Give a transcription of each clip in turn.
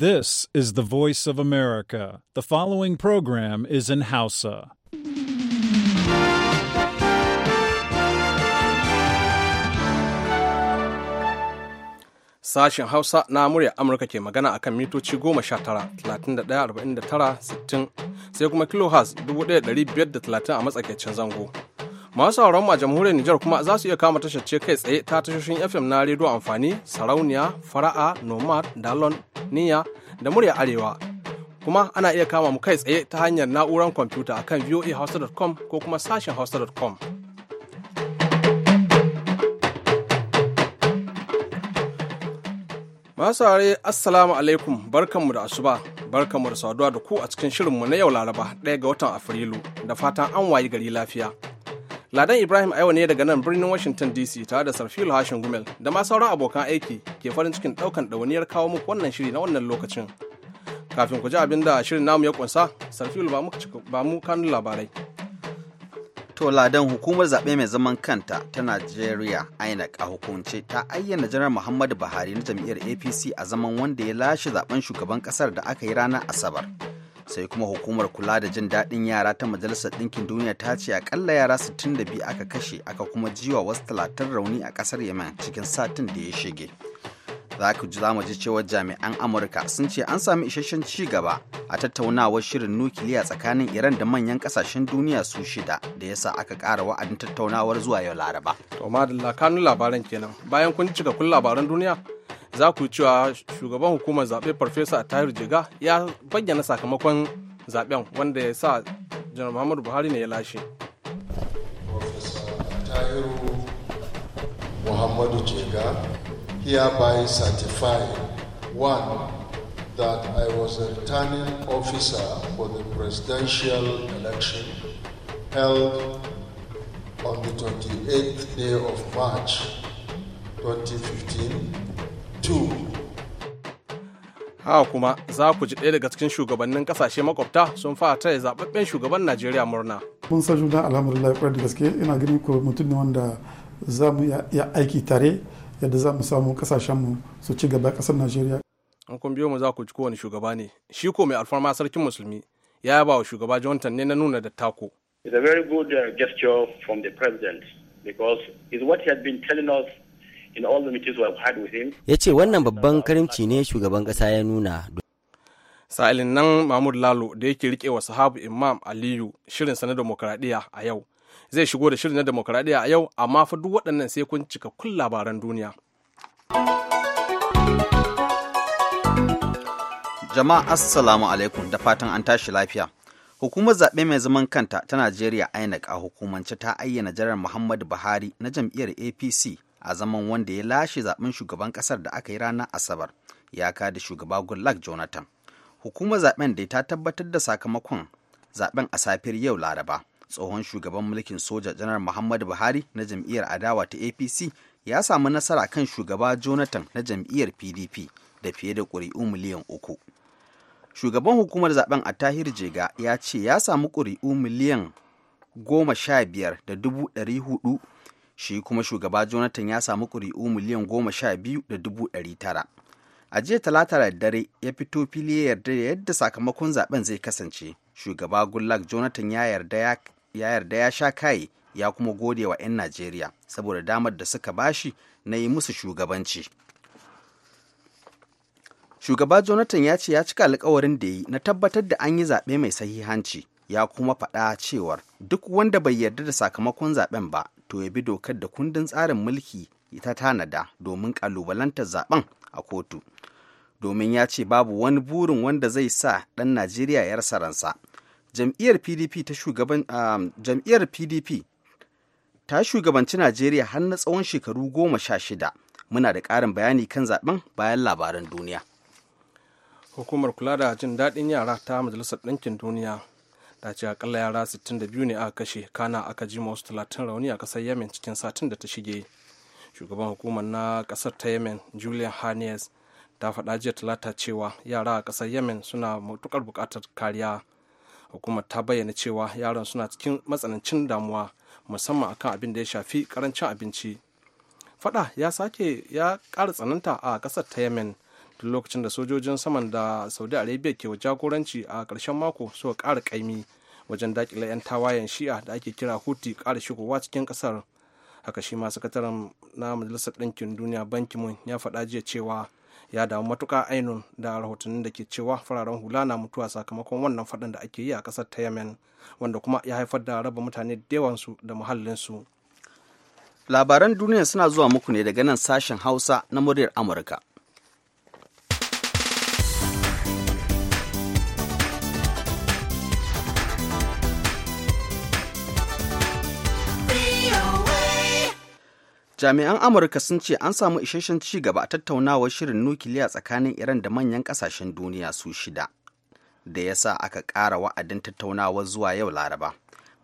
This is the voice of America. The following program is in Hausa. Sashen Hausa na murya Amurka ke magana a kan mitoci 19,31,49,60 sai kuma kilohaz 1,530 a matsakaicin zango. masu sauran a jamhuriyar Nijar kuma za su iya kama tashar ce kai tsaye ta tashoshin FM na rediyo amfani sarauniya fara'a nomad dalon niya da murya arewa kuma ana iya kama mu kai tsaye ta hanyar na'urar kwamfuta akan voahausa.com ko kuma sashen hausa.com masu saurare assalamu alaikum barkanmu da asuba barkanmu da saduwa da ku a cikin shirinmu na yau laraba ɗaya ga watan afrilu da fatan an wayi gari lafiya Ladan Ibrahim Aiwa ne daga nan birnin Washington DC tare da Sarfil Hashin Gumel da ma sauran abokan aiki ke farin cikin ɗaukan ɗawaniyar kawo muku wannan shiri na wannan lokacin. Kafin ku ji abin da shirin namu ya kunsa, Sarfil ba mu kanu labarai. To Ladan hukumar zaɓe mai zaman kanta ta Najeriya INEC a hukunce ta ayyana janar Muhammadu Buhari na jam'iyyar APC a zaman wanda ya lashe zaben shugaban ƙasar da aka yi ranar Asabar. sai kuma hukumar kula da jin daɗin yara ta majalisar ɗinkin duniya ta ce akalla yara 62 aka kashe aka kuma jiwa wasu talatin rauni a ƙasar yemen cikin satin da ya shige za ku ji zamu ji cewa jami'an amurka sun ce an sami isasshen ci gaba a tattaunawar shirin nukiliya tsakanin iran da manyan kasashen duniya su shida da yasa aka ƙara wa'adin tattaunawar zuwa yau laraba to madalla kanun labaran kenan bayan kun cika kun labaran duniya za ku cewa shugaban hukumar zaɓe farfesa a tahir jiga ya bayyana sakamakon zaɓen wanda ya sa janar muhammadu buhari ne ya lashe tahiru muhammadu jiga hereby certify one that i was a returning officer for the presidential election held on the 28th day of march 2015 haka kuma za ku ji ɗaya daga cikin shugabannin ƙasashe makwabta sun fara taya zaɓaɓɓen shugaban najeriya murna mun san juna alhamdulillah ƙwarar da gaske ina ganin ko mutum ne wanda za mu ya aiki tare yadda za mu samu kasashenmu su ci gaba ƙasar najeriya an kun biyo mu za ku ji kowane shugaba ne shi ko mai alfarma sarkin musulmi ya yaba wa shugaba johnson ne na nuna da tako it's a very good uh, gesture from the president because it's what he had been telling us in all the meetings have had with him. Ya wannan babban karimci ne shugaban kasa ya nuna. Sa'ilin nan Mahmud Lalo da yake rike wa sahabu Imam Aliyu shirin sa na demokradiyya a yau. Zai shigo da shirin na demokradiyya a yau amma fa duk waɗannan sai kun cika kun labaran duniya. Jama'a Assalamu alaikum da fatan an tashi lafiya. Hukumar zaɓe mai zaman kanta ta Najeriya INEC a hukumance ta ayyana jarar Muhammadu Buhari na jam'iyyar APC a zaman wanda ya lashe zaben shugaban kasar da aka yi ranar asabar ya kada shugaba goodluck jonathan hukumar zaben da ta tabbatar da sakamakon zaben a safiyar yau laraba tsohon shugaban mulkin soja janar muhammadu buhari na jam'iyyar adawa ta apc ya samu nasara kan shugaba jonathan na jam'iyyar pdp da fiye da ƙuri'u miliyan uku shugaban hukumar zaben a tahir jega ya ce ya samu ƙuri'u miliyan goma sha biyar da dubu ɗari hudu shi kuma shugaba jonathan ya samu ƙuri'u miliyan goma sha biyu da dubu ɗari tara a jiya talata da dare ya fito fili ya yarda da yadda sakamakon zaben zai kasance shugaba goodluck jonathan ya yarda ya sha kai ya kuma gode wa 'yan najeriya saboda damar da suka bashi na yi musu shugabanci shugaba jonathan ya ce ya cika alkawarin da yi na tabbatar da an yi zaɓe mai sahihanci ya kuma faɗa cewar duk wanda bai yarda da sakamakon zaben ba to ya bi dokar da kundin tsarin mulki ta tanada domin kalubalantar zaben a kotu domin ya ce babu wani burin wanda zai sa ɗan najeriya ya rasa ransa jam'iyyar pdp ta um, jam'iyyar pdp ta shugabanci najeriya har na tsawon shekaru goma sha shida muna da ƙarin bayani kan zaben bayan labaran duniya hukumar kula da jin daɗin yara ta majalisar ɗinkin duniya da ce akalla yara 62 ne aka kashe kana aka jima wasu 30 rauni a kasar yemen cikin satin da ta shige shugaban hukumar na kasar ta yemen julian hannes ta faɗa jiya talata cewa yara a kasar yemen suna matukar buƙatar kariya hukumar ta bayyana cewa yaran suna cikin matsanancin damuwa musamman akan abin da ya shafi karancin abinci fada ya sake ya ƙara tsananta a ƙasar ta yemen tun lokacin da sojojin saman da saudi arabia ke jagoranci a ƙarshen mako suka ƙara ƙaimi wajen daƙile 'yan tawayen shi'a da ake kira huti ƙara shigowa cikin ƙasar haka shi ma sakataren na majalisar ɗinkin duniya banki mun ya faɗa jiya cewa ya damu matuƙa ainun da rahotannin da ke cewa fararen hula na mutuwa sakamakon wannan faɗin da ake yi a ƙasar ta yemen wanda kuma ya haifar da raba mutane da yawansu da muhallinsu labaran duniya suna zuwa muku ne daga nan sashen hausa na muryar amurka jami'an amurka sun ce an samu isasshen ci gaba a tattaunawar shirin nukiliya tsakanin iran da manyan kasashen duniya su shida da ya sa aka ƙara wa'adin tattaunawar zuwa yau laraba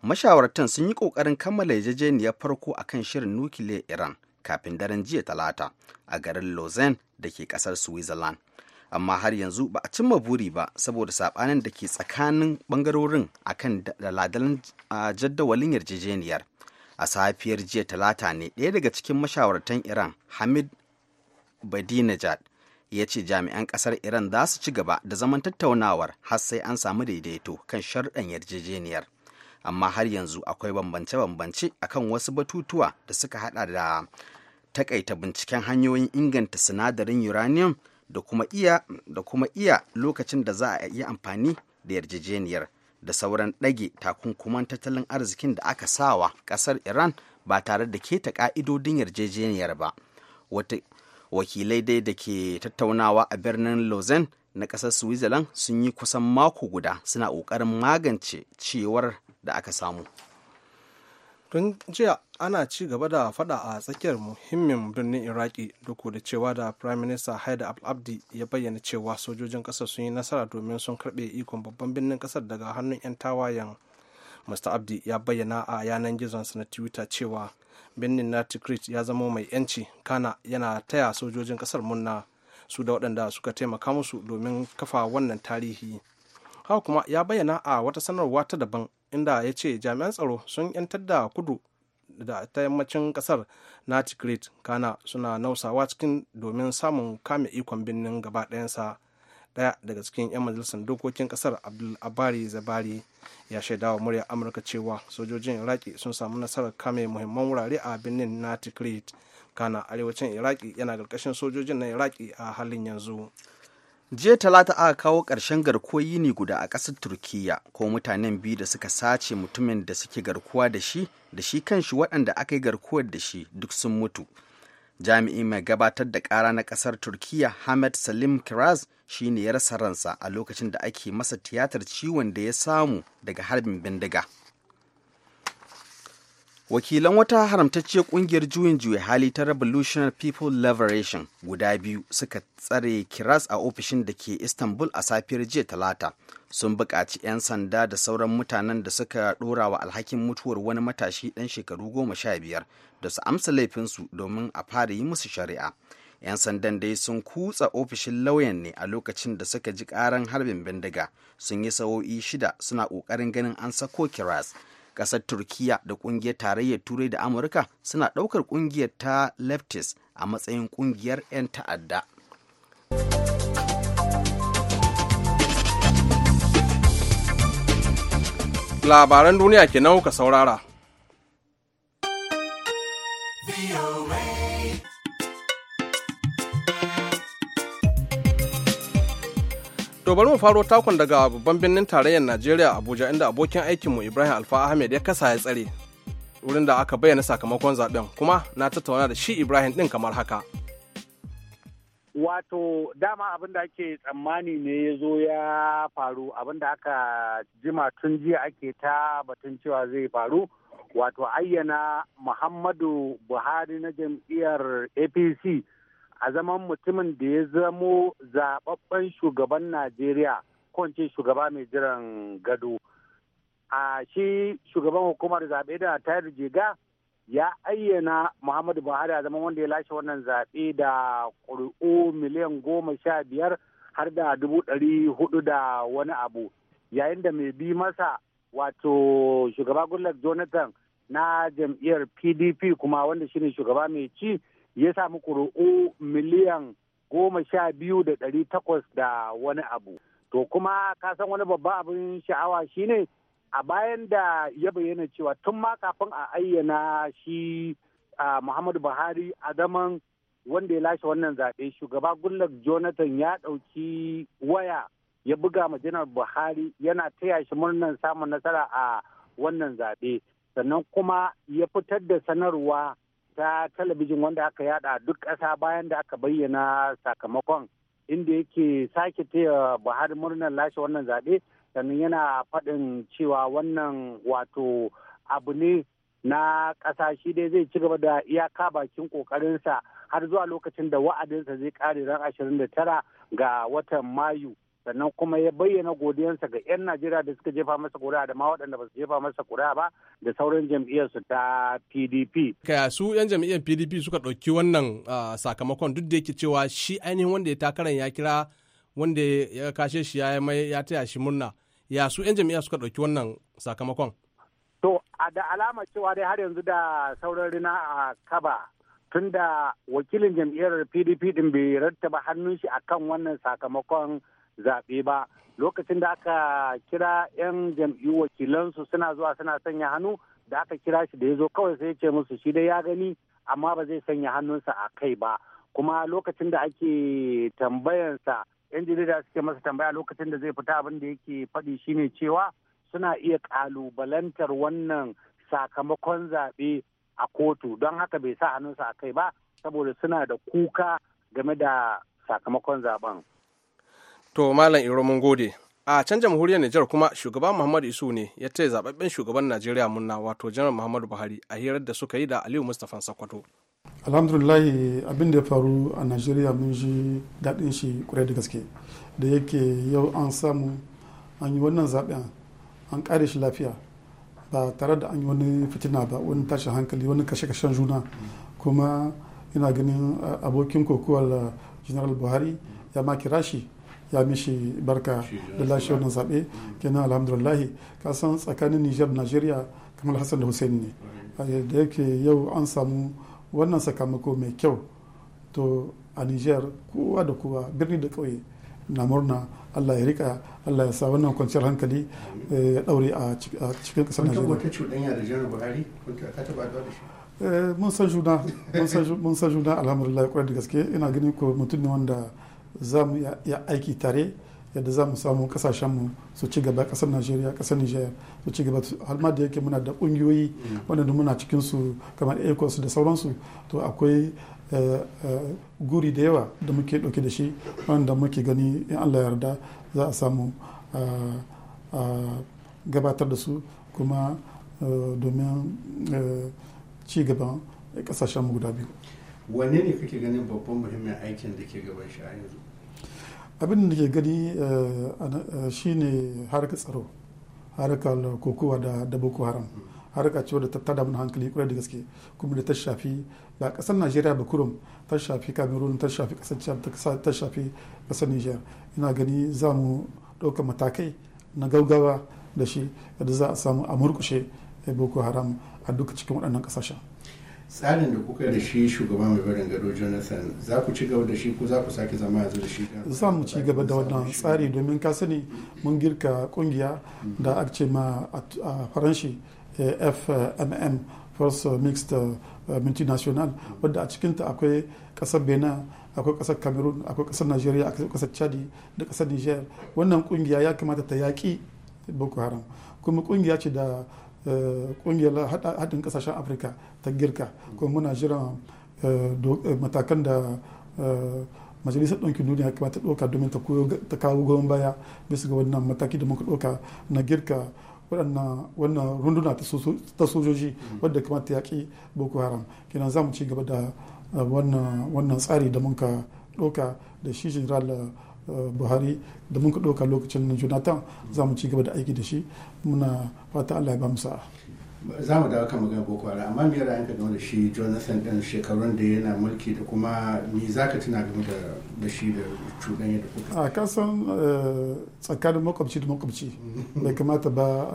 mashawartan sun yi ƙoƙarin kammala yarjejeniyar farko a kan shirin nukiliyar iran kafin daren jiya talata a garin lausanne da ke ƙasar switzerland amma har yanzu ba a cimma buri ba saboda saɓanin da ke tsakanin ɓangarorin akan daladan jaddawalin yarjejeniyar a safiyar jiya talata ne ɗaya daga cikin mashawartan iran hamid badinejad ya ce jami'an ƙasar iran za su ci gaba da zaman tattaunawar har sai an samu daidaito kan sharuɗan yarjejeniyar amma har yanzu akwai bambance-bambance akan wasu batutuwa da suka hada da takaita binciken hanyoyin inganta sinadarin uranium da kuma iya lokacin da za a iya amfani da yarjejeniyar da sauran ɗage takunkuman tattalin arzikin da aka sawa ƙasar iran ba tare da keta ƙa'idodin yarjejeniyar ba wakilai dai da ke tattaunawa a birnin lausanne na ƙasar switzerland sun yi kusan mako guda suna ƙoƙarin magance cewar da aka samu tun jiya ana ci gaba da fada a tsakiyar muhimmin birnin iraki duk da cewa da prime minister haida abdi ya bayyana cewa sojojin kasar sun yi nasara domin sun karbe ikon babban birnin kasar daga hannun 'yan tawayen mr abdi ya bayyana a yanar gizonsa na twitter cewa birnin na tikrit ya zama mai yanci kana yana taya sojojin kasar munna su da waɗanda suka taimaka musu domin kafa wannan tarihi haka kuma ya bayyana a wata sanarwa ta daban inda ya ce jami'an tsaro sun 'yantar da kudu da ta yammacin kasar na tigrit kana suna nausawa cikin domin samun kame ikon birnin gaba ɗayansa ɗaya daga cikin 'yan majalisar dokokin kasar abdul abari zabari ya shaidawa murya amurka cewa sojojin iraki sun samu nasarar kame muhimman wurare a birnin na tigrit kana arewacin iraki yana ƙarƙashin sojojin na iraki a halin yanzu jiya talata aka kawo ƙarshen garkuwar yini guda a ƙasar Turkiyya, ko mutanen biyu da suka sace mutumin da suke garkuwa da shi da shi kanshi waɗanda aka yi garkuwar da shi duk sun mutu jami'in mai gabatar da ƙara na ƙasar Turkiyya hamed salim kiraz shi ne ya rasa ransa a lokacin da ake masa tiyatar ciwon da ya samu daga harbin bindiga wakilan wata haramtacciyar kungiyar juyin juya hali ta revolutionary people liberation guda biyu suka tsare kiras a ofishin da ke istanbul a safiyar jiya talata sun buƙaci 'yan sanda da sauran mutanen da suka ɗora wa alhakin mutuwar wani matashi ɗan shekaru goma sha biyar da su amsa laifinsu domin a fara yi musu shari'a 'yan sandan dai sun kutsa ofishin lauyan ne a lokacin da suka ji ƙaran harbin bindiga sun yi sa'o'i shida suna ƙoƙarin ganin an sako kiras kasar turkiya da kungiyar tarayyar turai da amurka suna daukar kungiyar ta leftist a matsayin kungiyar 'yan ta'adda labaran duniya ke kuka saurara. To bari mu faro takon daga babban birnin tarayyar Najeriya Abuja inda abokin aikinmu Ibrahim Alfa Ahmed ya kasa ya tsare wurin da aka bayyana sakamakon zaben kuma na tattauna da shi Ibrahim din kamar haka. Wato dama abin da ake tsammani ne ya zo ya faru abin da aka jima tun jiya ake ta batun cewa zai faru wato ayyana Muhammadu Buhari na jam'iyyar APC a zaman mutumin da ya zamo zababben shugaban najeriya kwance shugaba mai jiran gado a shi shugaban hukumar zaɓe da tayar jiga ya ayyana muhammadu buhari a zaman wanda ya lashe wannan zaɓe da ƙuri'u miliyan goma sha biyar har da dubu ɗari hudu da wani abu yayin da mai bi masa wato shugaba goodluck jonathan na jam'iyyar pdp kuma wanda shine shugaba mai ci ya samu ƙuri'u miliyan goma sha biyu da ɗari takwas da wani abu to kuma ka san wani babban abin sha'awa shine a bayan da ya bayyana cewa tun ma kafin a ayyana shi muhammadu buhari a zaman wanda ya lashe wannan zaɓe shugaba gullak jonathan ya ɗauki waya ya buga ma janar buhari yana taya shi murnar samun nasara a wannan zaɓe sannan kuma ya fitar da sanarwa ta talabijin wanda aka yada duk ƙasa bayan da aka bayyana sakamakon inda yake sake taya buhari murnar lashe wannan zaɓe sannan yana faɗin cewa wannan wato abu ne na ƙasa shi dai zai ci gaba da iyaka bakin ƙoƙarinsa har zuwa lokacin da wa'adinsa zai ƙare ran ashirin da tara ga watan mayu sannan kuma ya bayyana godiyansa ga 'yan najeriya da suka jefa masa kuri'a da ma waɗanda ba su jefa masa kuri'a ba da sauran jam'iyyarsu ta pdp kaya su 'yan jam'iyyar pdp suka ɗauki wannan sakamakon duk da yake cewa shi ainihin wanda ya takaran ya kira wanda ya kashe shi ya mai ya taya shi murna ya su 'yan jam'iyya suka ɗauki wannan sakamakon to da alama cewa dai har yanzu da sauran rina a kaba tun da wakilin jam'iyyar pdp din bai rattaba hannun shi akan wannan sakamakon zaɓe ba lokacin da aka kira 'yan jam'iyyu wakilansu suna zuwa suna sanya hannu da aka kira shi da ya zo kawai sai ya ce musu shi dai ya gani amma ba zai sanya hannunsa a kai ba kuma lokacin da ake tambayansa 'yan jarida suke masa tambaya lokacin da zai fita abin da yake faɗi shine cewa suna iya ƙalubalantar wannan sakamakon zaɓe a kotu don haka bai sa hannunsa a kai ba saboda suna da kuka game da sakamakon zaben. To Malam Iro mun gode. A can jamhuriyar Nijar kuma shugaban Muhammadu Isu ne ya ce zababben shugaban Najeriya munna wato Janar Muhammadu Buhari a hirar da suka yi da Aliyu Mustapha Sakwato. Alhamdulillahi abin da ya faru a Najeriya mun shi daɗin shi kurai da gaske da yake yau an samu an yi wannan zaɓen an ƙare shi lafiya ba tare da an yi wani fitina ba wani tashin hankali wani kashe-kashen juna kuma ina ganin abokin kokowar General Buhari ya ma kira shi ya mishi barka da lashe wannan zaɓe kenan alhamdulillahi ka san tsakanin niger nigeria kamar hassan da hussein ne da yake yau an samu wannan sakamako mai kyau to a niger kowa da kowa birni da ƙauye na murna Allah ya rika Allah ya sa wannan kwanciyar hankali eh, ya ɗaure a cikin ƙasar Najeriya. Wata cuɗanya da Janar Buhari ka taɓa da shi? Eh, mun san juna, mun san juna alhamdulillah kwarai da gaske ina ganin ko mutum ne wanda za mu ya aiki tare yadda za mu samu kasashenmu su ci gaba kasar najeriya kasar nigeria su ci gaba har da yake muna da kungiyoyi mm. waɗanda muna cikin su kamar ecos da sauransu to akwai eh, eh, guri da yawa da muke ɗauke da shi wanda muke gani in allah yarda za a samu eh, gabatar da su kuma domin ci gaban kasashenmu guda biyu wanne ne kake ganin babban muhimmin aikin da ke gaban shi a yanzu abin da ke gani eh, eh, shi ne harkar tsaro harkar kokowa da boko haram harka ce da ta tada mana hankali kwarai da gaske kuma da ta shafi ba kasar najeriya ba kurum ta shafi cameroon ta shafi kasar chad ta shafi kasar niger ina gani za mu ɗaukar matakai na gaugawa da shi yadda za a samu a murkushe eh, boko haram a duka cikin waɗannan ƙasashen tsarin da kuka da shi shugaba mai barin gado jonathan za ku ci gaba da shi ko za ku sake zama yanzu da shi za mu ci gaba da wannan tsari domin ka sani mun girka kungiya da aka ce ma a faranshi eh, fmm first mixed eh, multinational wadda a cikinta akwai kasar benin akwai kasar cameroon akwai kasar nigeria akwai kasar chadi da kasar niger wannan kungiya ya kamata ta yaƙi boko haram kuma kungiya ce da kungiyar haɗin ƙasashen afirka ta girka kuma muna jiran eh, eh, matakan da eh, majalisar ɗaukin duniya ya ta ɗauka domin ta kawo goyon baya bisa ga wannan mataki da muka ɗauka na girka wannan runduna ta sojoji wadda kamata yaƙi boko haram kenan za mu ci gaba da wannan tsari da muka ɗauka da shi general buhari da mun ka ɗauka lokacin jonathan za mu ci gaba da aiki da shi muna fata allah ya ba mu sa'a za mu dawo kan magana boko haram amma me ra'ayin ka game da shi jonathan ɗan shekarun da yana mulki da kuma ni za ka tuna game da shi da cuɗanya da kuka a kasan eh, tsakanin makwabci da makwabci bai kamata ba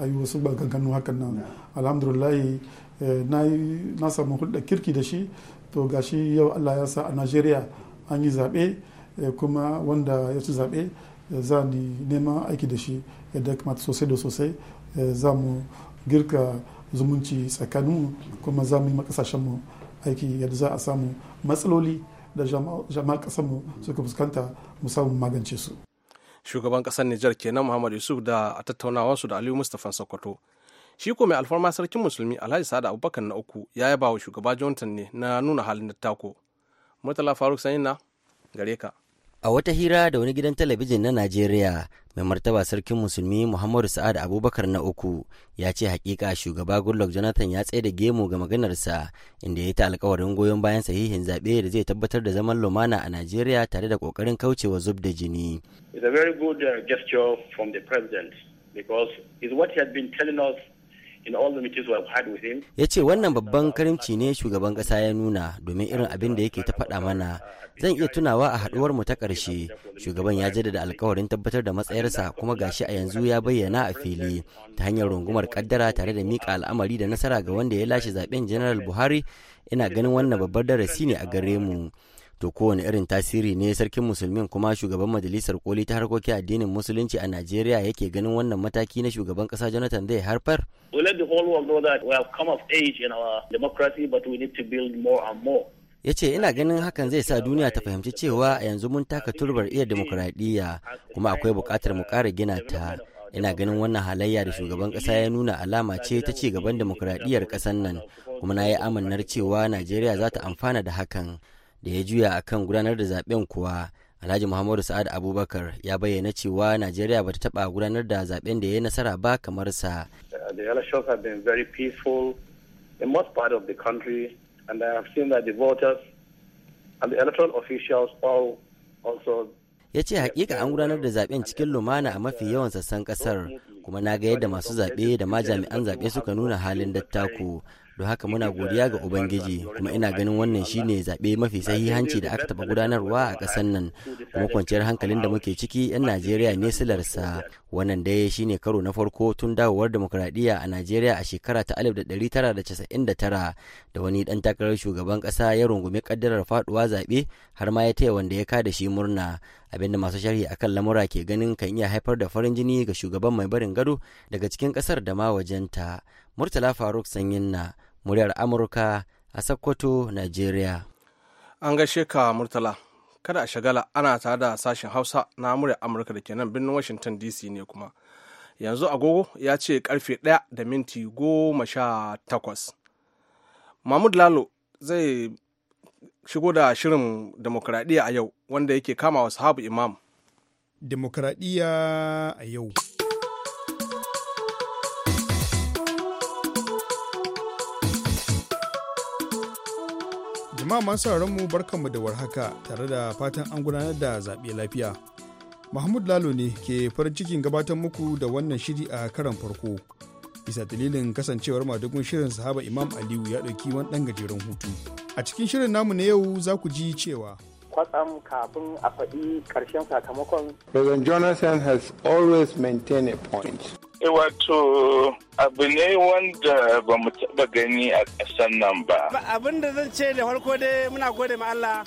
eh, a yi wasu ganganu hakan nan alhamdulillahi eh, na samu hulɗar kirki da shi to gashi yau allah ya sa a najeriya an yi zaɓe Eh, kuma wanda ya ci zaɓe eh, za ni neman aiki da shi yadda kuma kamata sosai da sosai eh, za mu girka zumunci tsakaninmu kuma za mu yi makasashenmu aiki yadda za a samu matsaloli da jama'a ƙasarmu suka fuskanta mu samu magance su. Shugaban ƙasar Nijar kenan Muhammad Yusuf da a tattaunawa su da Aliyu mustafan Sokoto. Shi ko mai alfarma sarkin musulmi Alhaji Sada Abubakar na uku ya yaba wa shugaba Jonathan ne na nuna halin da tako Murtala Faruk Sanina gare ka. A wata hira da wani gidan talabijin na Najeriya, mai martaba sarkin musulmi Muhammadu Sa'ad Abubakar na uku ya ce hakika shugaba Goodluck Jonathan ya tsaye da gemu ga maganarsa inda ya yi ta alkawarin goyon bayan sahihin zaɓe da zai tabbatar da zaman lumana a Najeriya tare da ƙoƙarin kaucewa zub da jini. It's a very good uh, gesture from the president because it's what he had been telling us ya ce wannan babban karimci ne shugaban ƙasa ya nuna domin irin abin da yake ta faɗa mana zan iya tunawa a haɗuwar mu ta ƙarshe shugaban ya jaddada alkawarin tabbatar da matsayarsa kuma gashi a yanzu ya bayyana a fili ta hanyar rungumar kaddara tare da miƙa al'amari da nasara ga wanda ya lashe zaben general buhari ina ganin wannan babbar darasi ne a gare mu to kowane irin tasiri ne sarkin musulmin kuma shugaban majalisar koli ta harkokin addinin musulunci a najeriya yake ganin wannan mataki na shugaban kasa jonathan zai harfar ya ce ina ganin hakan zai sa duniya ta fahimci cewa a yanzu mun taka turbar iya demokuraɗiyya kuma akwai buƙatar mu ƙara gina ta ina ganin wannan halayya da shugaban ƙasa ya nuna alama ce ta ci gaban demokuraɗiyyar ƙasar nan kuma na yi amannar cewa najeriya za ta amfana da hakan da ya juya a kan gudanar da zaben kuwa alhaji muhammadu sa'ad abubakar ya bayyana cewa najeriya ta taba gudanar da zaben da ya yi nasara ba kamar sa ya ce hakika an gudanar da zaben cikin lumana a mafi yawan sassan kasar kuma na ga yadda masu zaɓe da ma jami'an zaɓe suka nuna halin dattako don haka muna godiya ga ubangiji kuma ina ganin wannan shine zaɓe mafi sahihanci da aka taɓa gudanarwa a ƙasar nan kuma kwanciyar hankalin da muke ciki 'yan najeriya ne silarsa wannan dai shine karo na farko tun dawowar demokuraɗiyya a najeriya a shekara ta 1999 da wani ɗan takarar shugaban ƙasa ya rungumi ƙaddarar faɗuwa zaɓe har ma ya taya wanda ya kada shi murna abinda masu sharhi akan lamura ke ganin kan iya haifar da farin jini ga shugaban mai barin gado daga cikin ƙasar da ma wajenta murtala faruk sanyin na muryar amurka a sokoto nigeria an gaishe ka murtala kada a shagala ana tare da sashen hausa na muryar amurka da ke nan birnin washington dc ne kuma yanzu agogo ya ce karfe 1 da minti goma sha takwas mahmud lalo zai shigo da shirin demokradiyya a yau wanda yake kama wa sahabu imam demokradiyya a yau jama'a masu mu barkanmu da warhaka tare da fatan an gudanar da zaɓe lafiya mahmud lalo ne ke farin cikin gabatar muku da wannan shiri a karan farko bisa dalilin kasancewar madugun shirin sahaba imam aliyu ya ɗauki wani ɗan gajeren hutu a cikin shirin namu na yau za ku ji cewa kwatsam kafin a faɗi ƙarshen sakamakon. Reverend Jonathan has always maintained a point. E wato abu ne wanda ba mu taɓa gani a ƙasan nan ba. Abin da zan ce da farko dai muna gode ma Allah.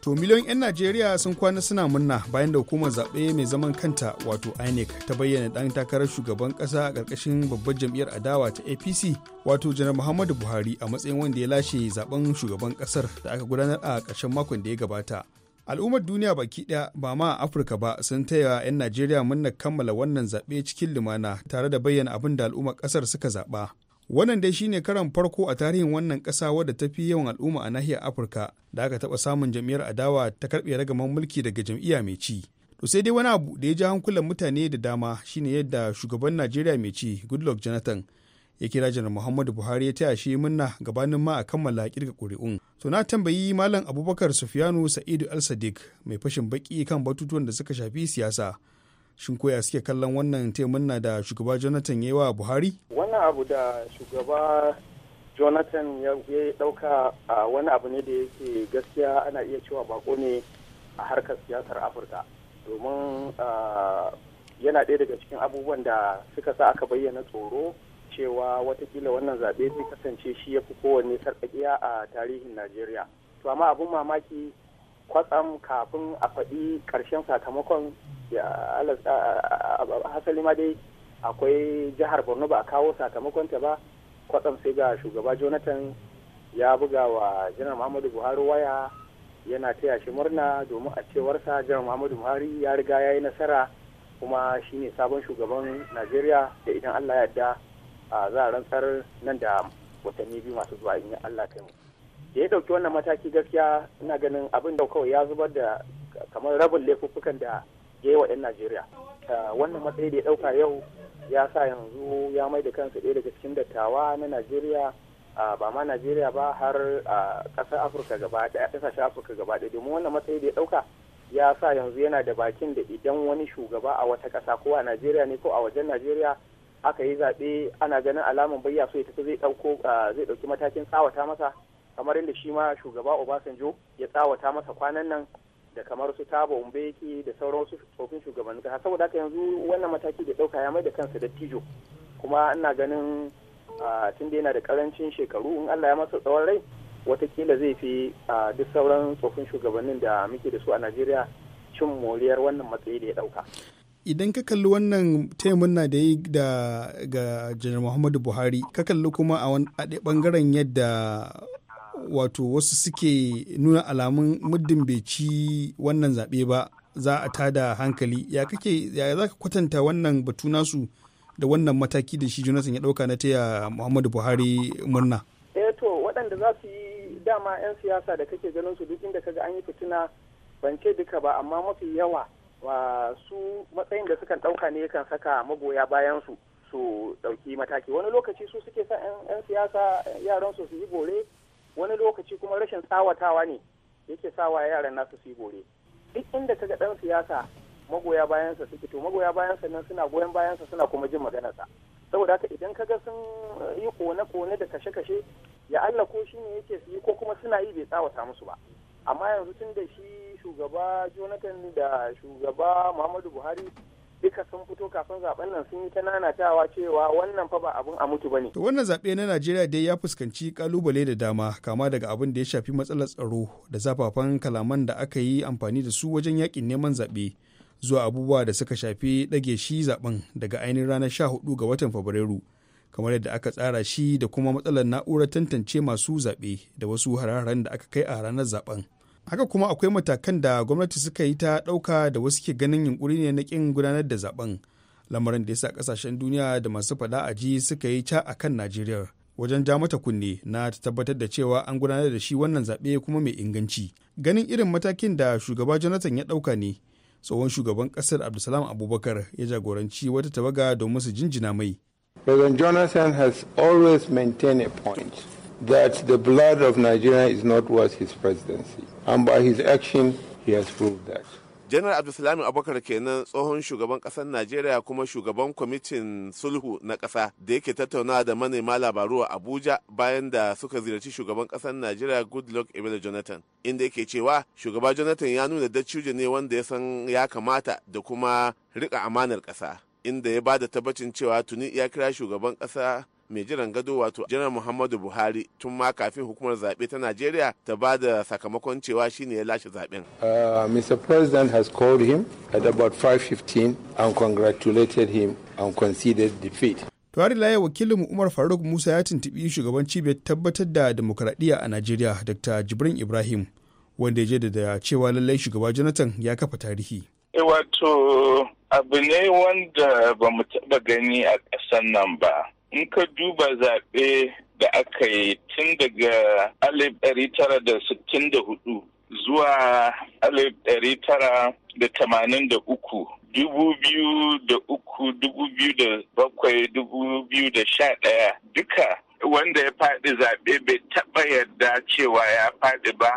to miliyoyin 'yan najeriya sun kwana suna murna bayan da hukumar zaɓe mai zaman kanta wato inec ta bayyana ɗan takarar shugaban ƙasa a ƙarƙashin babbar jam'iyyar adawa ta apc wato janar muhammadu buhari a matsayin wanda ya lashe zaɓen shugaban ƙasar da aka gudanar a ƙarshen makon da ya gabata al'ummar duniya baki ɗaya ba ma a afirka ba sun taya 'yan najeriya murnar kammala wannan zaɓe cikin lumana tare da bayyana abin da al'ummar ƙasar suka zaɓa wannan dai shine karan farko a tarihin wannan ƙasa wadda ta fi yawan al'umma a nahiyar afirka da aka taɓa samun jam'iyyar adawa ta karɓe ragaman mulki daga jam'iyya mai ci to sai dai wani abu da ya ja hankulan mutane da dama shine yadda shugaban najeriya mai ci goodluck jonathan ya kira janar muhammadu buhari ya taya shi munna gabanin ma a kammala kirga ƙuri'un to na tambayi malam abubakar sufiyanu sa'idu al sadiq mai fashin baki kan batutuwan da suka shafi siyasa shin koya suke kallon wannan taimunna da shugaba jonathan ya yi wa buhari abu da shugaba jonathan ya dauka wani abu ne da yake gaskiya ana iya cewa bako ne a harkar siyasar afirka domin yana ɗaya daga cikin abubuwan da suka sa aka bayyana tsoro cewa watakila wannan zaɓe zai kasance shi ya fi kowanne sarƙaƙiya a tarihin najeriya to amma abin mamaki kwatsam kafin a faɗi ƙarshen sakamakon hasali ma dai akwai jihar borno ba a kawo sakamakon ta ba kwatsam sai ga shugaba jonathan ya buga wa janar muhammadu buhari waya yana taya shi murna domin a cewarsa janar muhammadu buhari ya riga ya yi nasara kuma shine sabon shugaban najeriya da idan allah ya a za a rantsar nan da watanni biyu masu zuwa in allah ta mu da ya ɗauki wannan mataki gaskiya ina ganin abin da kawai ya zubar da kamar rabin laifuffukan da ya yi wa 'yan najeriya wannan matsayi da ya ɗauka yau ya sa yanzu ya mai da kansa ɗaya daga cikin dattawa na najeriya ba ma najeriya ba har ƙasar afirka gaba ɗaya ƙasashen afirka gaba ɗaya domin wannan matsayi da ya ɗauka ya sa yanzu yana da bakin da idan wani shugaba a wata ƙasa ko a najeriya ne ko a wajen najeriya aka yi zaɓe ana ganin alaman bayya so ya zai ɗauko zai ɗauki matakin tsawata masa kamar yadda shi ma shugaba obasanjo ya tsawata masa kwanan nan da kamar su tabo umbeki da sauran su tsofin shugabannin kasa saboda haka yanzu wannan mataki da dauka ya mai da kansa da tijo kuma ina ganin tun da yana da karancin shekaru in allah ya masa tsawon rai watakila zai fi duk sauran tsofin shugabannin da muke da su a najeriya cin moriyar wannan matsayi da ya dauka. idan ka kalli wannan taimun na da yi da ga janar muhammadu buhari ka kalli kuma a ɗaya bangaren yadda wato wasu suke nuna alamun muddin bai ci wannan zaɓe ba za a tada hankali ya kake ya za ka kwatanta wannan batu nasu da wannan mataki da shi jonathan ya ɗauka na taya muhammadu buhari murna eh to waɗanda za su yi dama 'yan siyasa da kake ganin su duk inda kaga an yi fitina ban ce duka ba amma mafi yawa su matsayin da sukan ɗauka ne yakan saka magoya bayan su su ɗauki mataki wani lokaci su suke sa 'yan siyasa yaran su su yi gore. wani lokaci kuma rashin tsawatawa ne yake sawa yaran nasu su gore duk inda ka ga dan siyasa magoya bayansa suke to magoya bayansa nan suna goyon bayansa suna kuma jin maganarsa saboda haka idan ka ga sun yi kone-kone da kashe-kashe ya Allah ko shi ne yake su yi ko kuma suna yi bai tsawata musu ba amma yanzu tun da shi shugaba jonathan da shugaba muhammadu buhari duka sun fito kafin zaben nan sun yi ta nanatawa cewa wannan fa ba abun a mutu bane. To wannan zaɓe na Najeriya dai ya fuskanci kalubale da dama kama daga abin da ya shafi matsalar tsaro da zafafan kalaman da aka yi amfani da su wajen yakin neman zaɓe zuwa abubuwa da suka shafi ɗage shi zaben daga ainihin ranar 14 ga watan Fabrairu. kamar yadda aka tsara shi da kuma matsalar na'urar tantance masu zaɓe da wasu hararen da aka kai a ranar zaben. haka kuma akwai matakan da gwamnati suka yi ta ɗauka da wasu ke ganin yunkuri ne na ƙin gudanar da zaben lamarin da ya sa ƙasashen duniya da masu faɗa a ji suka yi ca a kan najeriya wajen ja mata kunne na tabbatar da cewa an gudanar da shi wannan zaɓe kuma mai inganci ganin irin matakin da shugaba jonathan ya ɗauka ne tsohon shugaban ƙasar abdulsalam abubakar ya jagoranci wata tabaga domin su jinjina mai President Jonathan has always maintained a point. that the blood of Nigeria is not worth his presidency. And by his action, he has proved that. janar abdulsalami abubakar kenan tsohon shugaban kasar najeriya kuma shugaban kwamitin sulhu na kasa da yake tattaunawa da manema labaru a abuja bayan da suka ziyarci shugaban kasar najeriya goodluck ebele jonathan inda yake cewa shugaba jonathan ya nuna dattijo ne wanda ya san ya kamata da kuma rika amanar kasa inda ya ba da tabbacin cewa tuni ya kira shugaban kasa mai jiran gado wato janar muhammadu buhari tun ma kafin hukumar zaɓe ta najeriya ta ba da sakamakon cewa shine ya lashe zaɓen. Uh, mr president has called him at about 5.15 and congratulated him and conceded defeat. Tuwari laye wakilin Umar Faruk Musa ya tuntubi shugaban cibiyar tabbatar da demokradiyya a Najeriya Dr. Jibrin Ibrahim wanda ya je da cewa lallai shugaba Jonathan ya kafa tarihi. Eh, wato abu ne wanda ba mu taɓa gani a ƙasar nan ba. in ka duba zaɓe da aka yi tun daga 1964 zuwa 1983 dubu biyu da uku dubu biyu da bakwai dubu biyu da sha ɗaya duka wanda ya faɗi zaɓe bai taɓa yarda cewa ya faɗi ba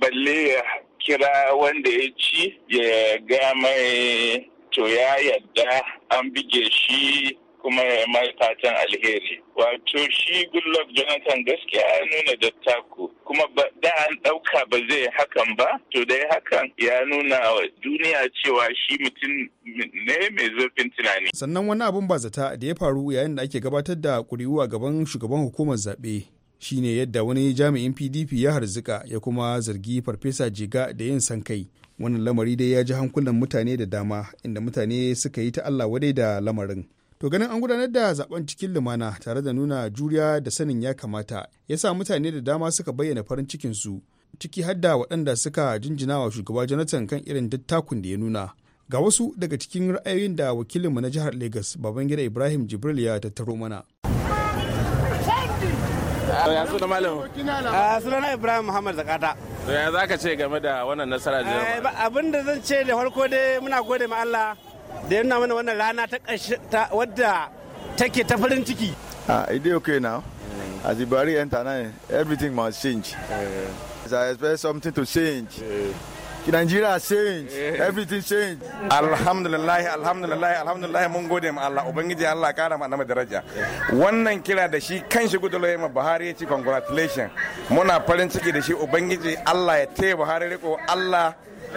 balle ya kira wanda ya ci ya ga mai to ya yarda an bige shi kuma ya mai fatan alheri wato shi goodluck jonathan gaskiya ya nuna dattako kuma da an ɗauka ba zai hakan ba to dai hakan ya nuna wa duniya cewa shi mutum ne mai zurfin tunani sannan wani abun ba zata da ya faru yayin da ake gabatar da ƙuri'u a gaban shugaban hukumar zaɓe shine yadda wani jami'in pdp ya harzika ya kuma zargi farfesa jiga da yin san kai wannan lamari dai ya ji hankulan mutane da dama inda mutane suka yi ta allah wadai da lamarin to ganin an gudanar da zaben cikin lumana tare da nuna juriya da sanin ya kamata ya sa mutane da dama suka bayyana farin cikin su ciki har da waɗanda suka jinjina wa shugaba jonathan kan irin dattakun da ya nuna ga wasu daga cikin ra'ayoyin da wakilinmu na jihar lagos babangida ibrahim jibril ya tattaro mana ya suna malam ah, sunana ibrahim muhammad zakata ya za ce game da wannan nasara da eh, abin da zan ce da farko dai muna gode ma allah da ya nuna mana wannan rana ta ƙarshe wadda take ta farin ciki. a ah, it is okay now. As the Buhari enter now, everything must change. as I expect something to change. ki Nigeria change, everything change. Alhamdulillah, alhamdulillah, alhamdulillah mun gode ma Allah, Ubangiji Allah kara mana nama daraja. Wannan kira da shi kan shi gudulo ma Buhari ya ci congratulations. Muna farin ciki da shi Ubangiji Allah ya taya Buhari riko Allah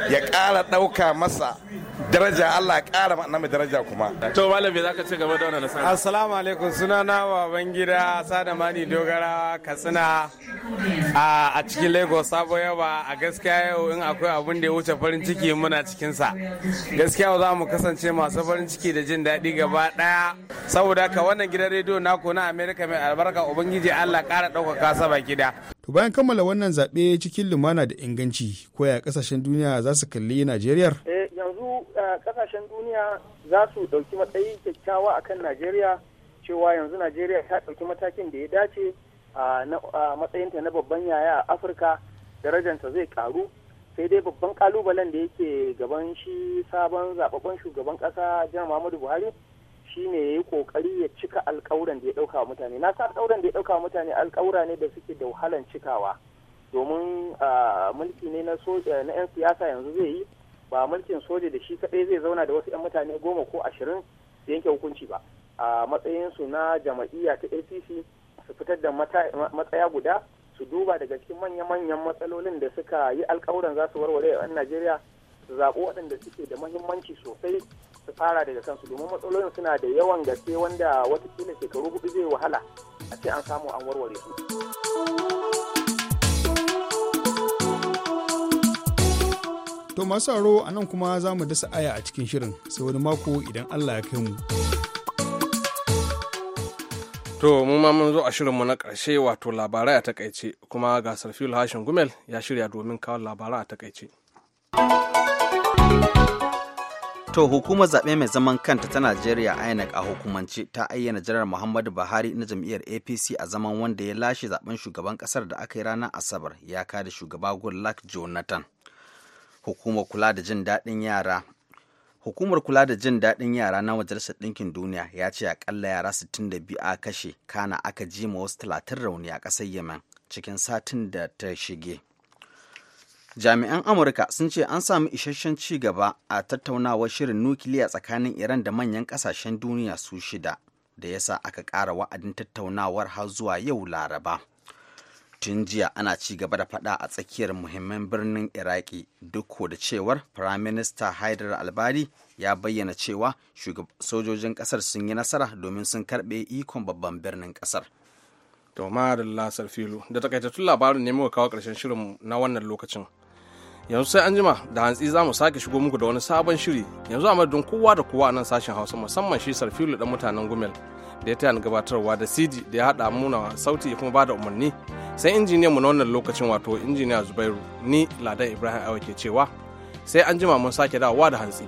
ya ƙara ɗauka masa daraja Allah ƙara ma'ana mai daraja kuma. To malami za ka ci gaba da wannan nasara. Assalamu alaikum suna na baban gida Sada Mani Dogara Katsina a cikin Lagos Sabo Yaba a gaskiya yau in akwai abun da ya wuce farin ciki muna cikin sa. Gaskiya za mu kasance masu farin ciki da jin daɗi gaba ɗaya. Saboda ka wannan gidan rediyo naku na Amerika mai albarka Ubangiji Allah ƙara ɗaukaka sa baki da. To bayan kammala wannan zaɓe cikin lumana da inganci koya ƙasashen duniya za su kalli Najeriya? Eh, yanzu eh, ƙasashen duniya za su ɗauki matsayi kyakkyawa a kan Najeriya cewa yanzu Najeriya ta ɗauki matakin da ya dace a matsayinta na babban yaya a Afirka darajanta zai ƙaru sai dai babban ƙalubalen da yake gaban shi sabon zaɓaɓɓen shugaban ƙasa Jan Muhammadu Buhari shine ya yi kokari ya cika alkawuran da ya dauka mutane na sa alkawuran da ya dauka mutane alkawura ne da suke da wahalan cikawa domin mulki ne na na yan siyasa yanzu zai yi ba mulkin soja da shi kadai zai zauna da wasu yan mutane goma ko ashirin su yanke hukunci ba a matsayinsu na jama'iyya ta apc su fitar da matsaya guda su duba daga cikin manya-manyan matsalolin da suka yi alkawuran za su warware a najeriya su zaɓi waɗanda suke da mahimmanci sosai su fara daga kansu domin matsalolin suna da yawan gaske wanda watakila shekaru hudu zai wahala a ce an samu an warware su. To masu aro a nan kuma za mu dasa aya a cikin shirin sai wani mako idan Allah ya kai mu. To mu ma mun zo a shirinmu na ƙarshe wato labarai a takaice kuma gasar fil hashin gumel ya shirya domin kawo labarai a takaice. To hukumar zaɓe mai zaman kanta ta Najeriya INEC a hukumance ta ayyana jiran Muhammadu Buhari na jam'iyyar APC a zaman wanda ya lashe zaben shugaban ƙasar da aka yi ranar Asabar ya kada shugaba Goodluck Jonathan. Hukumar kula da jin daɗin yara Hukumar kula da jin daɗin yara na Majalisar Ɗinkin Duniya ya ce ƙalla yara 62 a kashe kana aka ji ma wasu 30 rauni a ƙasar Yemen cikin satin da ta shige. jami'an amurka sun ce an samu isasshen ci gaba a tattaunawar shirin nukiliya tsakanin iran da manyan kasashen duniya su shida da yasa aka ƙara wa'adin tattaunawar har zuwa yau laraba tun jiya ana ci gaba da fada a tsakiyar muhimman birnin iraki duk da cewar firaminista haidar albari ya bayyana cewa sojojin kasar sun yi nasara domin sun karbe ikon babban birnin kasar to ma da lasar filu da takaitattun labarin ne muka kawo karshen shirin na wannan lokacin yanzu sai anjima da hantsi za mu sake shigo muku da wani sabon shiri yanzu a madadin kowa da kowa a nan sashen hausa musamman shi sarfilu dan mutanen gumel da ya taya gabatarwa da cd da ya haɗa muna sauti kuma ba da umarni sai injiniya mu na wannan lokacin wato injiniya zubairu ni ladan ibrahim awa ke cewa sai anjima mun sake dawowa da hantsi.